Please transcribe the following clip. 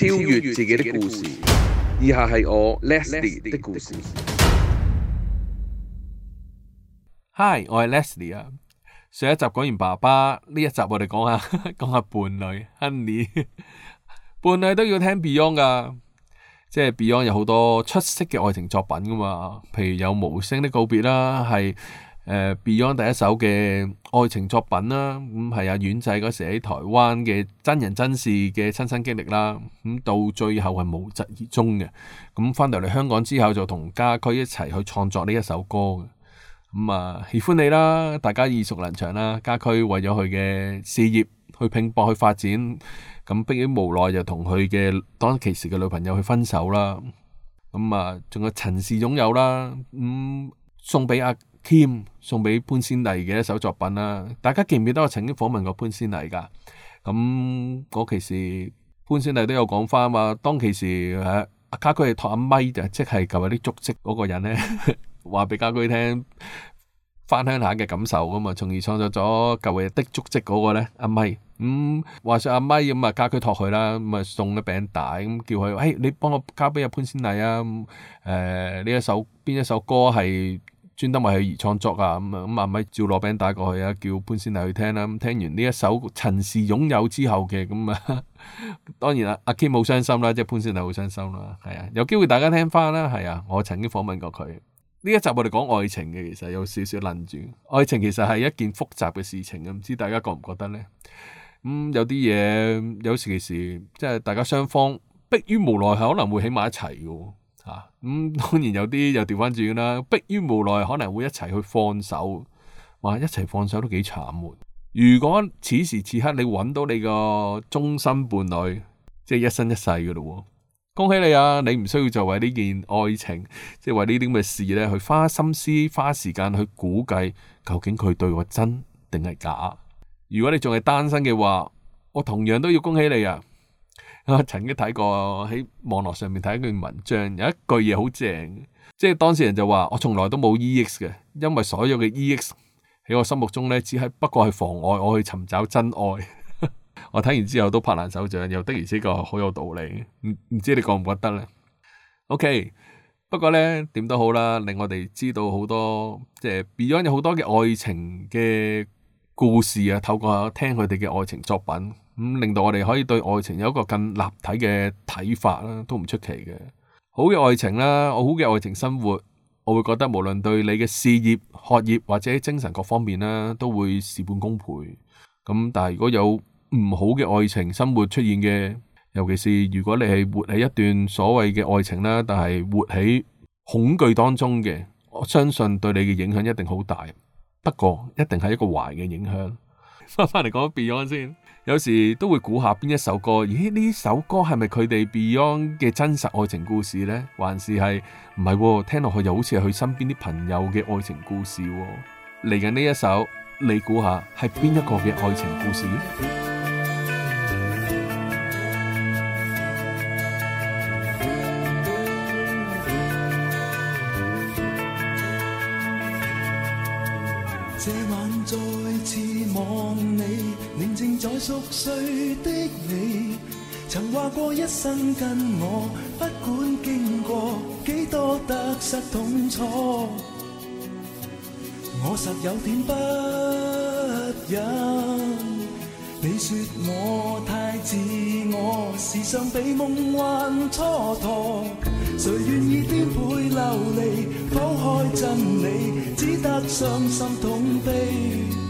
超越自己的故事，以下係我 Leslie 的故事。Hi，我係 Leslie 啊。上一集講完爸爸，呢一集我哋講下講下伴侶 Honey。伴侶都要聽 Beyond 噶，即係 Beyond 有好多出色嘅愛情作品噶嘛。譬如有無聲的告別啦，係。呃、Beyond 第一首嘅愛情作品啦，咁係阿遠仔嗰時喺台灣嘅真人真事嘅親身經歷啦，咁、嗯、到最後係無疾而終嘅。咁、嗯、翻到嚟香港之後就同家駒一齊去創作呢一首歌嘅。咁、嗯、啊，喜歡你啦，大家耳熟能詳啦。家駒為咗佢嘅事業去拼搏去發展，咁逼於無奈就同佢嘅當其時嘅女朋友去分手啦。咁、嗯、啊，仲有曾是擁有啦，咁、嗯、送俾阿、啊。Kim 送畀潘先麗嘅一首作品啦、啊，大家記唔記得我曾經訪問過潘先麗噶？咁嗰其時潘先麗都有講翻嘛，當其時阿卡佢係托阿咪就即係舊日啲足跡嗰個人咧，話畀家駒聽翻鄉下嘅感受啊嘛，從而創作咗舊日的足跡嗰個咧阿咪，咁話說阿咪咁啊，家駒託佢啦，咁 啊,、Mike 嗯啊 Mike, 嗯嗯嗯、送咗餅帶，咁、嗯、叫佢，誒、哎，你幫我交俾阿潘先麗啊，誒、嗯，呢、呃、一首邊一首歌係？專登咪去而創作啊！咁啊咁啊咪照攞餅打過去啊！叫潘仙弟去聽啦。咁、嗯、聽完呢一首《曾是擁有》之後嘅咁啊，當然啦、啊，阿 Key 冇傷心啦，即係潘仙弟好傷心啦。係啊，有機會大家聽翻啦。係啊，我曾經訪問過佢。呢一集我哋講愛情嘅，其實有少少愣住。愛情其實係一件複雜嘅事情嘅，唔知大家覺唔覺得咧？咁、嗯、有啲嘢有時其實即係大家雙方逼於無奈，係可能會喺埋一齊嘅。啊，咁、嗯、當然有啲又調翻轉啦，迫於無奈可能會一齊去放手，話一齊放手都幾慘喎。如果此時此刻你揾到你個終身伴侶，即、就、係、是、一生一世噶咯，恭喜你啊！你唔需要就為呢件愛情，即、就、係、是、為呢啲咁嘅事咧，去花心思、花時間去估計究竟佢對我真定係假。如果你仲係單身嘅話，我同樣都要恭喜你啊！曾經睇過喺網絡上面睇一段文章，有一句嘢好正，即係當事人就話：我從來都冇 ex 嘅，因為所有嘅 ex 喺我心目中咧，只係不過係妨礙我去尋找真愛。 我睇完之後都拍爛手掌，又的而且確好有道理。唔唔知你覺唔覺得咧？OK，不過咧點都好啦，令我哋知道好多即係 Beyond 有好多嘅愛情嘅故事啊，透過聽佢哋嘅愛情作品。嗯、令到我哋可以對愛情有一個更立體嘅睇法啦，都唔出奇嘅。好嘅愛情啦，好嘅愛情生活，我會覺得無論對你嘅事業、學業或者精神各方面啦，都會事半功倍。咁、嗯、但係如果有唔好嘅愛情生活出現嘅，尤其是如果你係活喺一段所謂嘅愛情啦，但係活喺恐懼當中嘅，我相信對你嘅影響一定好大。不過一定係一個壞嘅影響。翻翻嚟 講 Beyond 先。有時都會估下邊一首歌，咦，呢首歌係咪佢哋 Beyond 嘅真實愛情故事呢？還是係唔係？聽落去又好似係佢身邊啲朋友嘅愛情故事。嚟緊呢一首，你估下係邊一個嘅愛情故事？熟睡的你，曾話過一生跟我，不管經過幾多得失痛楚，我實有點不忍。你說我太自我，時常被夢幻蹉跎，誰願意顛沛流離，剖開真理，只得傷心痛悲。